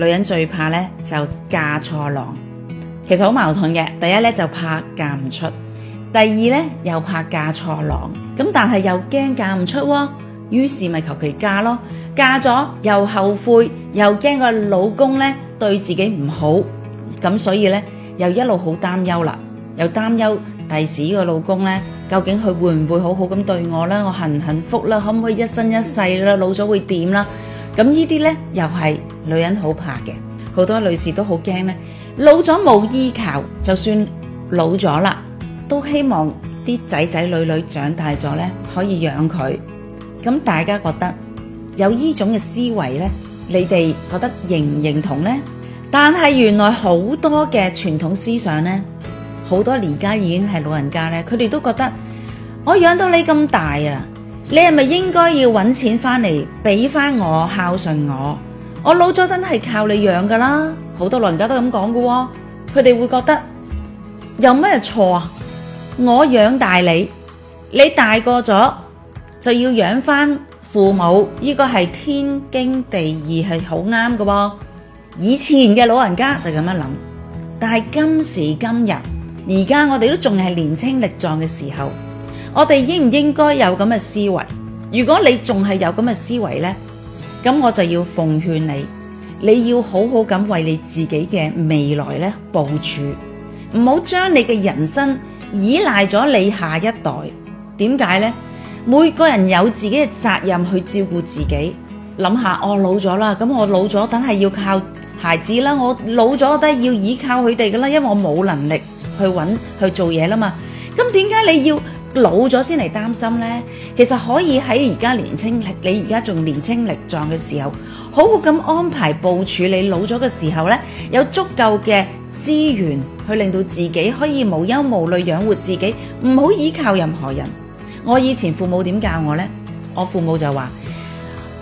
女人最怕咧就嫁錯郎，其實好矛盾嘅。第一咧就怕嫁唔出，第二咧又怕嫁錯郎，咁但係又驚嫁唔出，於是咪求其嫁咯。嫁咗又後悔，又驚個老公咧對自己唔好，咁所以咧又一路好擔憂啦，又擔憂第時個老公咧究竟佢會唔會好好咁對我呢，我幸唔幸福啦，可唔可以一生一世啦，老咗會點啦？咁呢啲咧又係。女人好怕嘅，好多女士都好驚咧。老咗冇依靠，就算老咗啦，都希望啲仔仔女女長大咗咧，可以養佢。咁大家覺得有呢種嘅思維咧，你哋覺得認唔認同咧？但係原來好多嘅傳統思想咧，好多而家已經係老人家咧，佢哋都覺得我養到你咁大啊，你係咪應該要揾錢翻嚟俾翻我孝順我？我老咗真係靠你養噶啦，好多老人家都咁講噶喎，佢哋會覺得有咩錯啊？我養大你，你大過咗就要養翻父母，呢個係天經地義，係好啱噶喎。以前嘅老人家就咁樣諗，但係今時今日，而家我哋都仲係年青力壯嘅時候，我哋應唔應該有咁嘅思維？如果你仲係有咁嘅思維呢？咁我就要奉勸你，你要好好咁為你自己嘅未來咧部署，唔好將你嘅人生依賴咗你下一代。點解呢？每個人有自己嘅責任去照顧自己。諗下，哦、老我老咗啦，咁我老咗，梗係要靠孩子啦，我老咗都係要依靠佢哋噶啦，因為我冇能力去揾去做嘢啦嘛。咁點解你要老咗先嚟擔心咧，其實可以喺而家年輕力，你而家仲年輕力壯嘅時候，好好咁安排部署，你老咗嘅時候咧，有足夠嘅資源去令到自己可以無憂無慮養活自己，唔好依靠任何人。我以前父母點教我咧？我父母就話，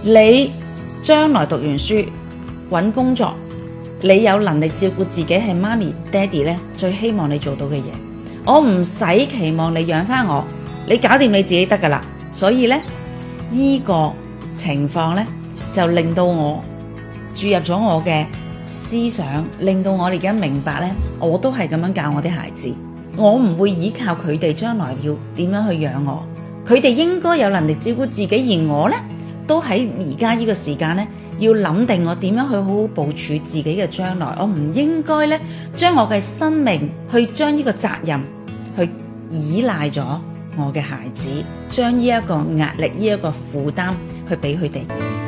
你將來讀完書揾工作，你有能力照顧自己，係媽咪爹哋咧最希望你做到嘅嘢。我唔使期望你養翻我，你搞掂你自己得噶啦。所以呢，呢，呢個情況呢，就令到我注入咗我嘅思想，令到我哋而家明白呢，我都係咁樣教我啲孩子，我唔會依靠佢哋將來要點樣去養我，佢哋應該有能力照顧自己，而我呢，都喺而家呢個時間呢，要諗定我點樣去好好部署自己嘅將來，我唔應該呢，將我嘅生命去將呢個責任。去倚賴咗我嘅孩子，將呢一個壓力、呢一個負擔去俾佢哋。